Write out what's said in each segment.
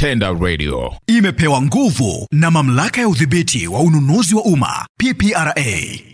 Tenda Radio imepewa nguvu na mamlaka ya udhibiti wa ununuzi wa umma PPRA.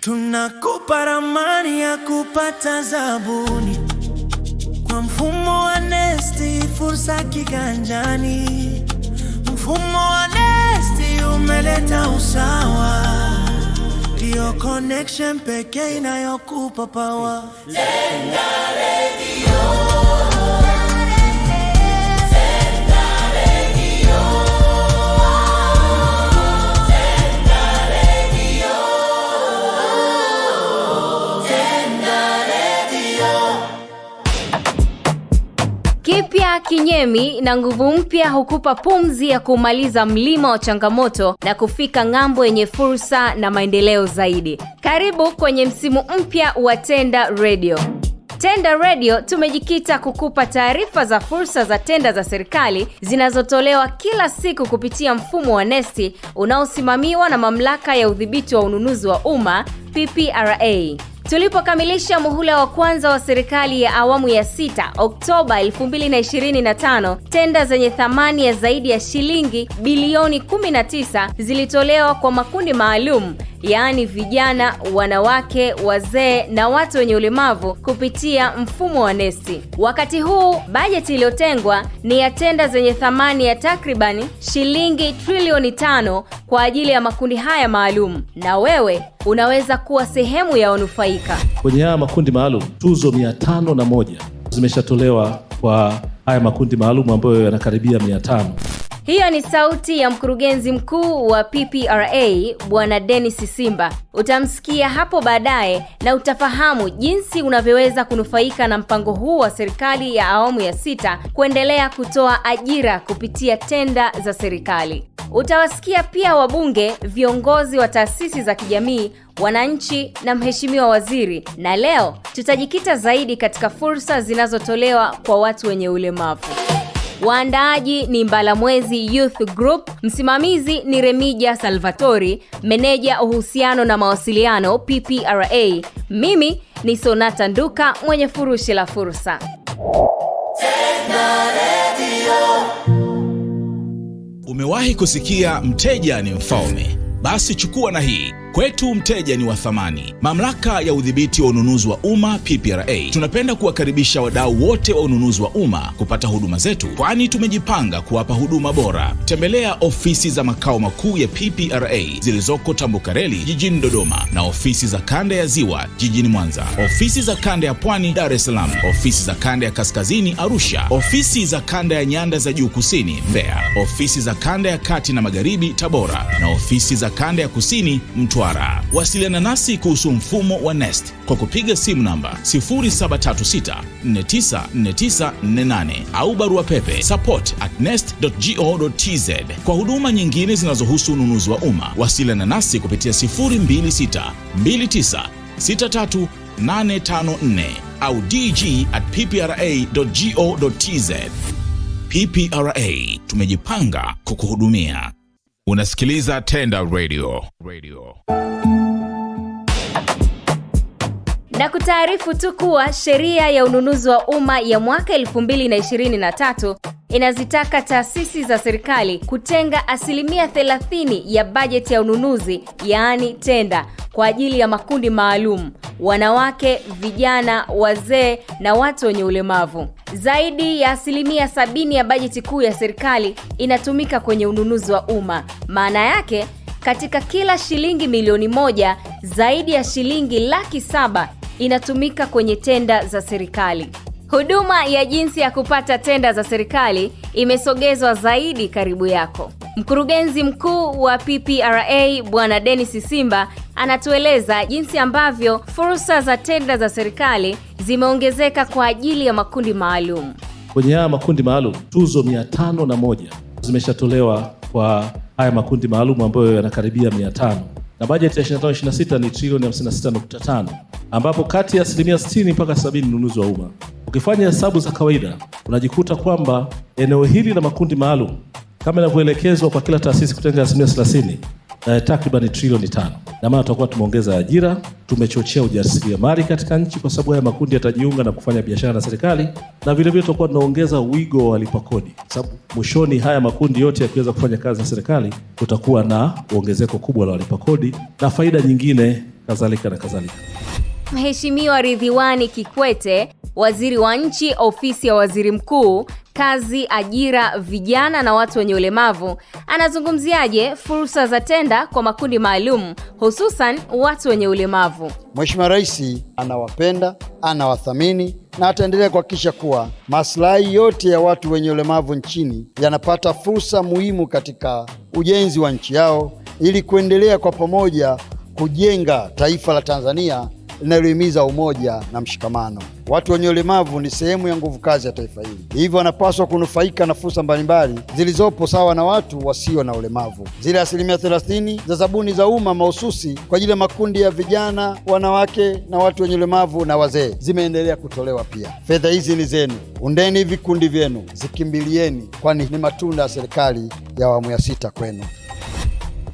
Tunakupa ramani ya kupata zabuni kwa mfumo wa Nesti, fursa kiganjani. Mfumo wa Nesti umeleta usawa, ndio connection pekee inayokupa power. Tenda Radio Kinyemi na nguvu mpya hukupa pumzi ya kumaliza mlima wa changamoto na kufika ng'ambo yenye fursa na maendeleo zaidi. Karibu kwenye msimu mpya wa Tenda Radio. Tenda Radio tumejikita kukupa taarifa za fursa za tenda za serikali zinazotolewa kila siku kupitia mfumo wa nesti unaosimamiwa na Mamlaka ya Udhibiti wa Ununuzi wa Umma PPRA. Tulipokamilisha muhula wa kwanza wa serikali ya awamu ya sita Oktoba 2025, tenda zenye thamani ya zaidi ya shilingi bilioni 19 zilitolewa kwa makundi maalum, yaani vijana, wanawake, wazee na watu wenye ulemavu kupitia mfumo wa NeST. Wakati huu bajeti iliyotengwa ni ya tenda zenye thamani ya takribani shilingi trilioni tano kwa ajili ya makundi haya maalum, na wewe unaweza kuwa sehemu ya wanufaika kunufaika. Kwenye haya makundi maalum tuzo mia tano na moja zimeshatolewa kwa haya makundi maalum ambayo yanakaribia mia tano. Hiyo ni sauti ya mkurugenzi mkuu wa PPRA Bwana Dennis Simba. Utamsikia hapo baadaye na utafahamu jinsi unavyoweza kunufaika na mpango huu wa serikali ya awamu ya sita kuendelea kutoa ajira kupitia tenda za serikali. Utawasikia pia wabunge, viongozi wa taasisi za kijamii, wananchi na mheshimiwa waziri, na leo tutajikita zaidi katika fursa zinazotolewa kwa watu wenye ulemavu. Waandaaji ni Mbalamwezi Youth Group, msimamizi ni Remija Salvatori, meneja uhusiano na mawasiliano PPRA. Mimi ni Sonata Nduka mwenye furushi la fursa. Umewahi kusikia mteja ni mfalme? Basi chukua na hii. Kwetu mteja ni wa thamani. Mamlaka ya udhibiti wa ununuzi wa umma PPRA, tunapenda kuwakaribisha wadau wote wa ununuzi wa umma kupata huduma zetu, kwani tumejipanga kuwapa huduma bora. Tembelea ofisi za makao makuu ya PPRA zilizoko Tambukareli jijini Dodoma na ofisi za kanda ya Ziwa jijini Mwanza, ofisi za kanda ya Pwani Dar es Salaam, ofisi za kanda ya Kaskazini Arusha, ofisi za kanda ya Nyanda za Juu Kusini Mbeya, ofisi za kanda ya Kati na Magharibi Tabora na ofisi za kanda ya Kusini Mtwara. Mtwara. Wasiliana nasi kuhusu mfumo wa NeST kwa kupiga simu namba 0736494948 au barua pepe support at nest.go.tz. Kwa huduma nyingine zinazohusu ununuzi wa umma wasiliana nasi kupitia 0262963854 au dg at ppra.go.tz. PPRA, tumejipanga kukuhudumia. Unasikiliza Tenda Radio. Radio. Na kutaarifu tu kuwa sheria ya ununuzi wa umma ya mwaka 223 inazitaka taasisi za serikali kutenga asilimia 30 ya bajeti ya ununuzi, yaani tenda, kwa ajili ya makundi maalum: wanawake, vijana, wazee na watu wenye ulemavu. Zaidi ya asilimia sabini ya bajeti kuu ya serikali inatumika kwenye ununuzi wa umma. Maana yake katika kila shilingi milioni moja, zaidi ya shilingi laki saba inatumika kwenye tenda za serikali. Huduma ya jinsi ya kupata tenda za serikali imesogezwa zaidi karibu yako. Mkurugenzi mkuu wa PPRA Bwana Dennis Simba anatueleza jinsi ambavyo fursa za tenda za serikali zimeongezeka kwa ajili ya makundi maalum. Kwenye haya makundi maalum, tuzo mia tano na moja zimeshatolewa kwa haya makundi maalum ambayo yanakaribia mia tano na bajeti ya 25 26 ni trilioni 56.5 ambapo kati ya asilimia 60 mpaka 70 ni ununuzi wa umma. Ukifanya hesabu za kawaida unajikuta kwamba eneo hili la makundi maalum kama inavyoelekezwa kwa kila taasisi kutenga asilimia 30 eh, takriban trilioni tano, na maana tutakuwa tumeongeza ajira, tumechochea ujasiriamali katika nchi, kwa sababu haya makundi yatajiunga na kufanya biashara na serikali, na vilevile tutakuwa tunaongeza wigo wa walipa kodi, sababu mwishoni haya makundi yote yakiweza kufanya kazi na serikali, kutakuwa na uongezeko kubwa la walipa kodi na faida nyingine kadhalika na kadhalika. Mheshimiwa Ridhiwani Kikwete, waziri wa nchi ofisi ya waziri mkuu, kazi, ajira, vijana na watu wenye ulemavu, anazungumziaje fursa za tenda kwa makundi maalum hususan watu wenye ulemavu? Mheshimiwa Rais anawapenda, anawathamini na ataendelea kuhakikisha kuwa maslahi yote ya watu wenye ulemavu nchini yanapata fursa muhimu katika ujenzi wa nchi yao ili kuendelea kwa pamoja kujenga taifa la Tanzania linalohimiza umoja na mshikamano. Watu wenye ulemavu ni sehemu ya nguvu kazi ya taifa hili, hivyo wanapaswa kunufaika na fursa mbalimbali zilizopo sawa na watu wasio na ulemavu. Zile asilimia thelathini za zabuni za umma mahususi kwa ajili ya makundi ya vijana, wanawake na watu wenye ulemavu na wazee zimeendelea kutolewa pia. Fedha hizi ni zenu, undeni vikundi vyenu, zikimbilieni, kwani ni matunda ya serikali ya awamu ya sita kwenu.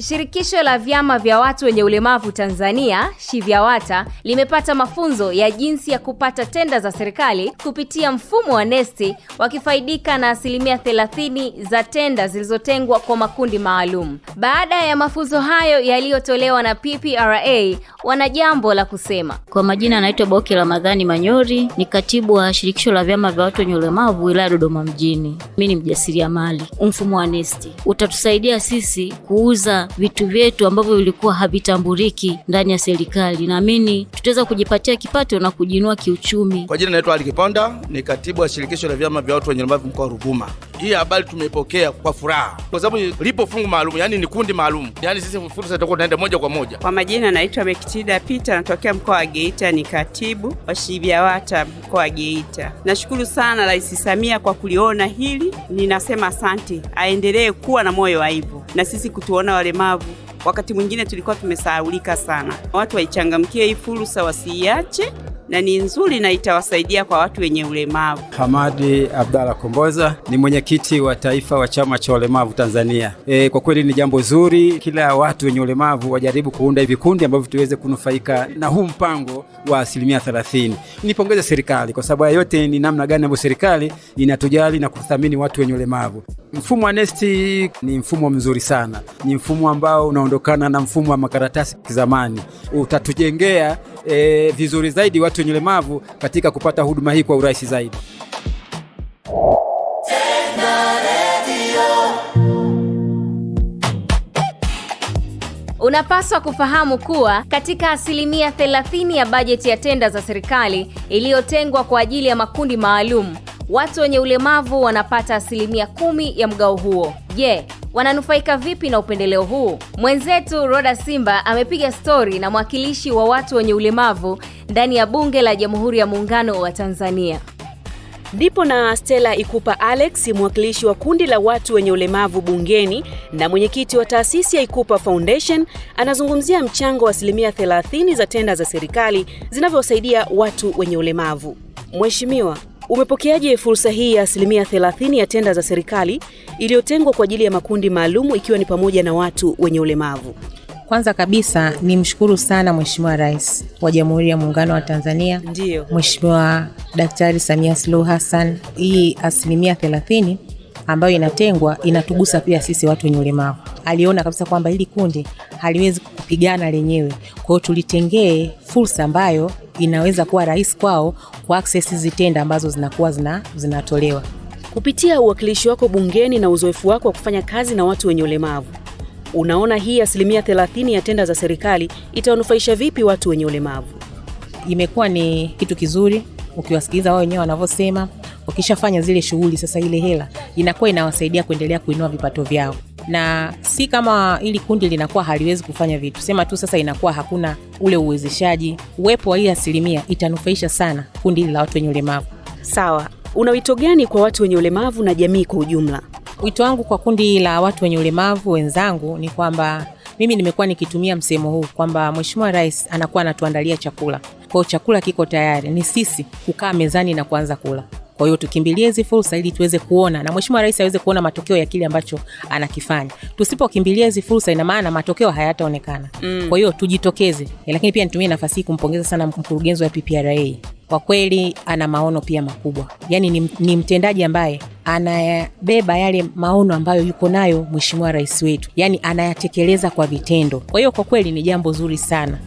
Shirikisho la vyama vya watu wenye ulemavu Tanzania, SHIVYAWATA, limepata mafunzo ya jinsi ya kupata tenda za serikali kupitia mfumo wa NEST, wakifaidika na asilimia 30 za tenda zilizotengwa kwa makundi maalum. Baada ya mafunzo hayo yaliyotolewa na PPRA, wana jambo la kusema. Kwa majina, anaitwa Boki Ramadhani Manyori, ni katibu wa Shirikisho la vyama vya watu wenye ulemavu wilaya Dodoma Mjini. Mimi ni mjasiriamali. Mfumo wa NEST utatusaidia sisi kuuza vitu vyetu ambavyo vilikuwa havitambuliki ndani ya serikali. Naamini tutaweza kujipatia kipato na kujinua kiuchumi. Kwa jina naitwa Ali Kiponda, ni katibu wa shirikisho la vyama vya watu wenye ulemavu mkoa wa Ruvuma hii habari tumeipokea kwa furaha, kwa sababu lipo fungu maalum, yani ni kundi maalum, yani sisi fursa itakuwa tunaenda moja kwa moja. Kwa majina naitwa Mekitida Pita, natokea mkoa wa Geita, ni katibu wa Shivyawata mkoa wa Geita. Nashukuru sana Rais Samia kwa kuliona hili, ninasema asante, aendelee kuwa na moyo wa hivyo na sisi kutuona walemavu wakati mwingine tulikuwa tumesahaulika sana. Watu waichangamkie hii fursa, wasiiache na ni nzuri na itawasaidia kwa watu wenye ulemavu. Hamadi Abdalla Komboza ni mwenyekiti wa taifa wa chama cha walemavu Tanzania. E, kwa kweli ni jambo zuri, kila watu wenye ulemavu wajaribu kuunda vikundi ambavyo tuweze kunufaika na huu mpango wa asilimia 30. Nipongeze serikali kwa sababu yote ni namna gani ambavyo serikali inatujali na kuthamini watu wenye ulemavu. Mfumo wa nesti ni mfumo mzuri sana, ni mfumo ambao unaondokana na mfumo wa makaratasi zamani, utatujengea e, vizuri zaidi watu wenye ulemavu katika kupata huduma hii kwa urahisi zaidi. Unapaswa kufahamu kuwa katika asilimia 30 ya bajeti ya tenda za serikali iliyotengwa kwa ajili ya makundi maalum Watu wenye ulemavu wanapata asilimia kumi ya mgao huo. Je, yeah, wananufaika vipi na upendeleo huu? Mwenzetu Roda Simba amepiga stori na mwakilishi wa watu wenye ulemavu ndani ya Bunge la Jamhuri ya Muungano wa Tanzania. Ndipo na Stella Ikupa Alex, mwakilishi wa kundi la watu wenye ulemavu bungeni na mwenyekiti wa taasisi ya Ikupa Foundation, anazungumzia mchango wa asilimia 30 za tenda za serikali zinavyosaidia watu wenye ulemavu. Mheshimiwa, Umepokeaje fursa hii ya asilimia 30 ya tenda za serikali iliyotengwa kwa ajili ya makundi maalumu ikiwa ni pamoja na watu wenye ulemavu? Kwanza kabisa ni mshukuru sana Mheshimiwa Rais wa Jamhuri ya Muungano wa Tanzania, Mheshimiwa Daktari Samia Suluhu Hassan. Hii asilimia thelathini ambayo inatengwa inatugusa pia sisi watu wenye ulemavu. Aliona kabisa kwamba hili kundi haliwezi kupigana lenyewe, kwa hiyo tulitengee fursa ambayo inaweza kuwa rahisi kwao kwa access hizi tenda ambazo zinakuwa zina, zinatolewa kupitia uwakilishi wako bungeni na uzoefu wako wa kufanya kazi na watu wenye ulemavu. Unaona hii asilimia 30 ya tenda za serikali itawanufaisha vipi watu wenye ulemavu? Imekuwa ni kitu kizuri ukiwasikiliza wao wenyewe wanavyosema, wakishafanya zile shughuli, sasa ile hela inakuwa inawasaidia kuendelea kuinua vipato vyao, na si kama ili kundi linakuwa haliwezi kufanya vitu, sema tu sasa inakuwa hakuna ule uwezeshaji. Uwepo wa hii asilimia itanufaisha sana kundi hili la watu wenye ulemavu. Sawa, una wito gani kwa watu wenye ulemavu na jamii kwa ujumla? Wito wangu kwa kundi la watu wenye ulemavu wenzangu ni kwamba mimi nimekuwa nikitumia msemo huu kwamba Mheshimiwa Rais anakuwa anatuandalia chakula kwao chakula kiko tayari, ni sisi kukaa mezani na kuanza kula. Kwa hiyo tukimbilie hizi fursa ili tuweze kuona na Mheshimiwa Rais aweze kuona matokeo ya kile ambacho anakifanya. Tusipokimbilia hizi fursa, ina maana matokeo hayataonekana. Mm. Kwa hiyo tujitokeze, eh, lakini pia nitumie nafasi hii kumpongeza sana mkurugenzi wa PPRA kwa kweli ana maono pia makubwa, yaani ni, ni mtendaji ambaye anayabeba yale maono ambayo yuko nayo Mheshimiwa Rais wetu, yaani anayatekeleza kwa vitendo. Kwa hiyo kwa kweli ni jambo zuri sana.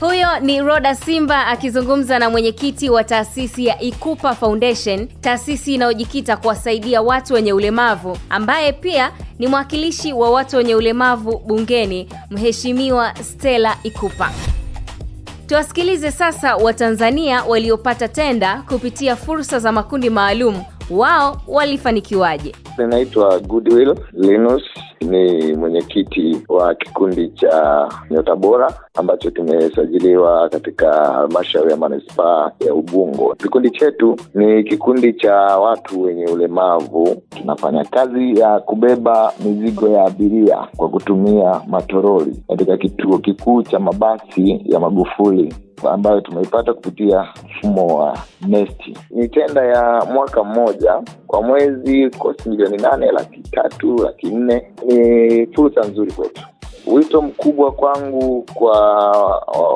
Huyo ni Roda Simba akizungumza na mwenyekiti wa taasisi ya Ikupa Foundation, taasisi inayojikita kuwasaidia watu wenye ulemavu, ambaye pia ni mwakilishi wa watu wenye ulemavu bungeni, Mheshimiwa Stella Ikupa. Tuwasikilize sasa Watanzania waliopata tenda kupitia fursa za makundi maalum, wao walifanikiwaje? Ninaitwa Goodwill Linus ni mwenyekiti wa kikundi cha Nyota Bora ambacho kimesajiliwa katika halmashauri ya manispaa ya Ubungo. Kikundi chetu ni kikundi cha watu wenye ulemavu. Tunafanya kazi ya kubeba mizigo ya abiria kwa kutumia matoroli katika kituo kikuu cha mabasi ya Magufuli ambayo tumeipata kupitia mfumo wa nesti. Ni tenda ya mwaka mmoja kwa mwezi, kosti milioni nane laki tatu laki nne. Ni fursa nzuri kwetu. Wito mkubwa kwangu kwa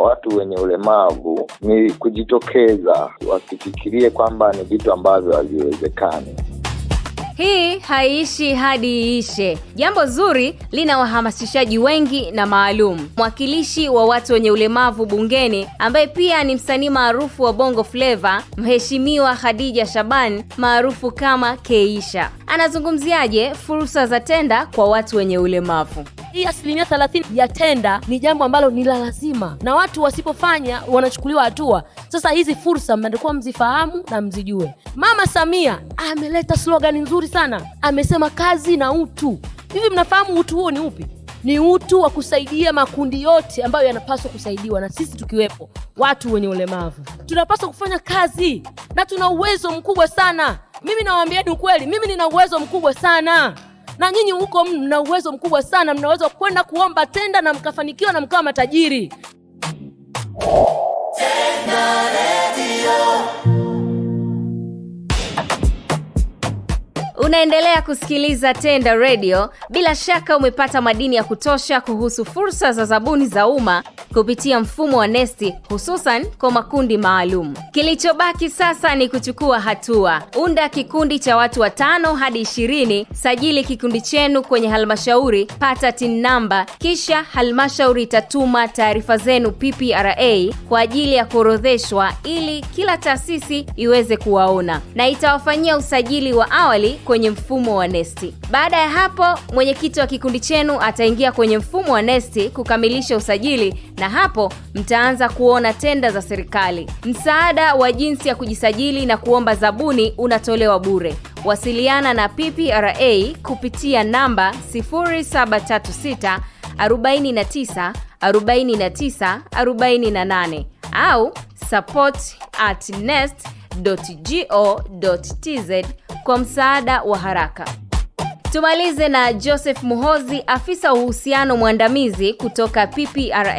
watu wenye ulemavu ni kujitokeza, wasifikirie kwamba ni vitu ambavyo haviwezekani. Hii haiishi hadi iishe. Jambo zuri lina wahamasishaji wengi na maalum. Mwakilishi wa watu wenye ulemavu bungeni ambaye pia ni msanii maarufu wa Bongo fleva Mheshimiwa Khadija Shaban maarufu kama Keisha, anazungumziaje fursa za tenda kwa watu wenye ulemavu? Hii asilimia thelathini ya tenda ni jambo ambalo ni la lazima, na watu wasipofanya wanachukuliwa hatua. Sasa hizi fursa mnatakiwa mzifahamu na mzijue. Mama Samia ameleta slogani nzuri vizuri sana, amesema kazi na utu. Hivi mnafahamu utu huo ni upi? Ni utu wa kusaidia makundi yote ambayo yanapaswa kusaidiwa, na sisi tukiwepo, watu wenye ulemavu tunapaswa kufanya kazi na tuna uwezo mkubwa sana. Mimi nawaambieni ukweli, mimi nina uwezo mkubwa sana na nyinyi huko mna uwezo mkubwa sana, mnaweza kwenda kuomba tenda na mkafanikiwa na mkawa matajiri. Tenda redio. Unaendelea kusikiliza Tenda Radio. Bila shaka umepata madini ya kutosha kuhusu fursa za zabuni za umma kupitia mfumo wa Nesti, hususan kwa makundi maalum. Kilichobaki sasa ni kuchukua hatua. Unda kikundi cha watu watano hadi ishirini. Sajili kikundi chenu kwenye halmashauri, pata TIN namba, kisha halmashauri itatuma taarifa zenu PPRA kwa ajili ya kuorodheshwa ili kila taasisi iweze kuwaona na itawafanyia usajili wa awali kwenye mfumo wa nesti. Baada ya hapo, mwenyekiti wa kikundi chenu ataingia kwenye mfumo wa nesti kukamilisha usajili, na hapo mtaanza kuona tenda za serikali. Msaada wa jinsi ya kujisajili na kuomba zabuni unatolewa bure. Wasiliana na PPRA kupitia namba 0736 49 49 48 au support at nest go.tz kwa msaada wa haraka. Tumalize na Joseph Muhozi, afisa uhusiano mwandamizi kutoka PPRA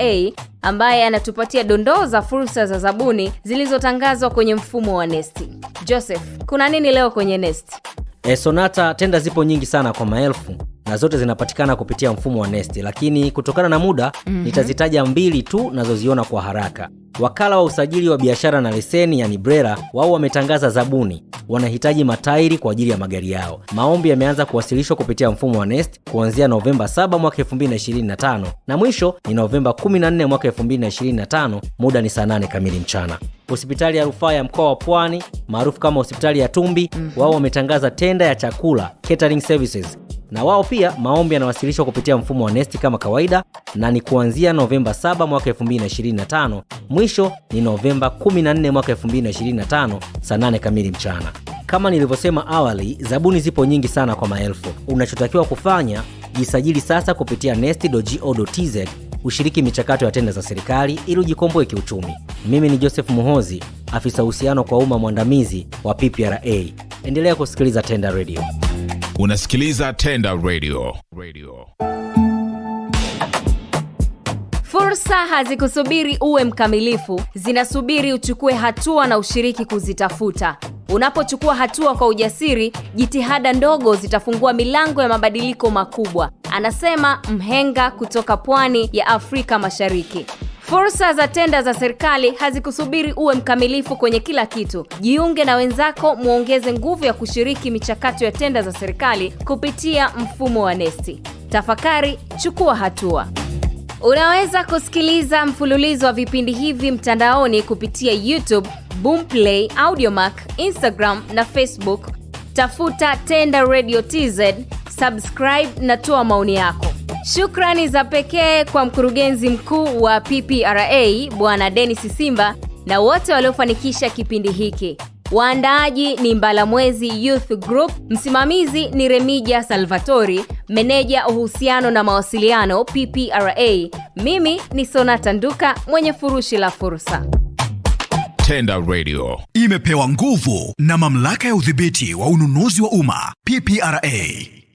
ambaye anatupatia dondoo za fursa za zabuni zilizotangazwa kwenye mfumo wa Nesti. Joseph, kuna nini leo kwenye Nesti? E, eh, Sonata, tenda zipo nyingi sana kwa maelfu na zote zinapatikana kupitia mfumo wa Nesti, lakini kutokana na muda mm -hmm. nitazitaja mbili tu nazoziona kwa haraka. Wakala wa usajili wa biashara na leseni yani BRELA, wao wametangaza zabuni, wanahitaji matairi kwa ajili ya magari yao. Maombi yameanza kuwasilishwa kupitia mfumo wa Nest kuanzia Novemba 7 mwaka 2025 na mwisho ni Novemba 14 mwaka 2025. Muda ni saa 8 kamili mchana. Hospitali ya rufaa ya mkoa wa Pwani maarufu kama hospitali ya Tumbi, mhm. wao wametangaza tenda ya chakula catering services na wao pia maombi yanawasilishwa kupitia mfumo wa NeST kama kawaida, na ni kuanzia Novemba 7 mwaka 2025, mwisho ni Novemba 14 mwaka 2025 saa 8 kamili mchana. Kama nilivyosema awali, zabuni zipo nyingi sana kwa maelfu. Unachotakiwa kufanya, jisajili sasa kupitia nest.go.tz ushiriki michakato ya tenda za serikali ili ujikomboe kiuchumi. Mimi ni Joseph Muhozi, afisa uhusiano kwa umma mwandamizi wa PPRA. Endelea kusikiliza Tenda Radio. Unasikiliza Tenda Radio. Radio. Fursa hazikusubiri uwe mkamilifu, zinasubiri uchukue hatua na ushiriki kuzitafuta. Unapochukua hatua kwa ujasiri, jitihada ndogo zitafungua milango ya mabadiliko makubwa, anasema mhenga kutoka pwani ya Afrika Mashariki. Fursa za tenda za serikali hazikusubiri uwe mkamilifu kwenye kila kitu. Jiunge na wenzako muongeze nguvu ya kushiriki michakato ya tenda za serikali kupitia mfumo wa NeST. Tafakari, chukua hatua. Unaweza kusikiliza mfululizo wa vipindi hivi mtandaoni kupitia YouTube, Boomplay, Audiomack, Instagram na Facebook. Tafuta Tenda Radio TZ, subscribe na toa maoni yako. Shukrani za pekee kwa mkurugenzi mkuu wa PPRA Bwana Dennis Simba na wote waliofanikisha kipindi hiki. Waandaaji ni Mbalamwezi Youth Group, msimamizi ni Remija Salvatori, meneja uhusiano na mawasiliano PPRA. Mimi ni Sonata Nduka mwenye furushi la fursa. Tenda Radio imepewa nguvu na Mamlaka ya Udhibiti wa Ununuzi wa Umma PPRA.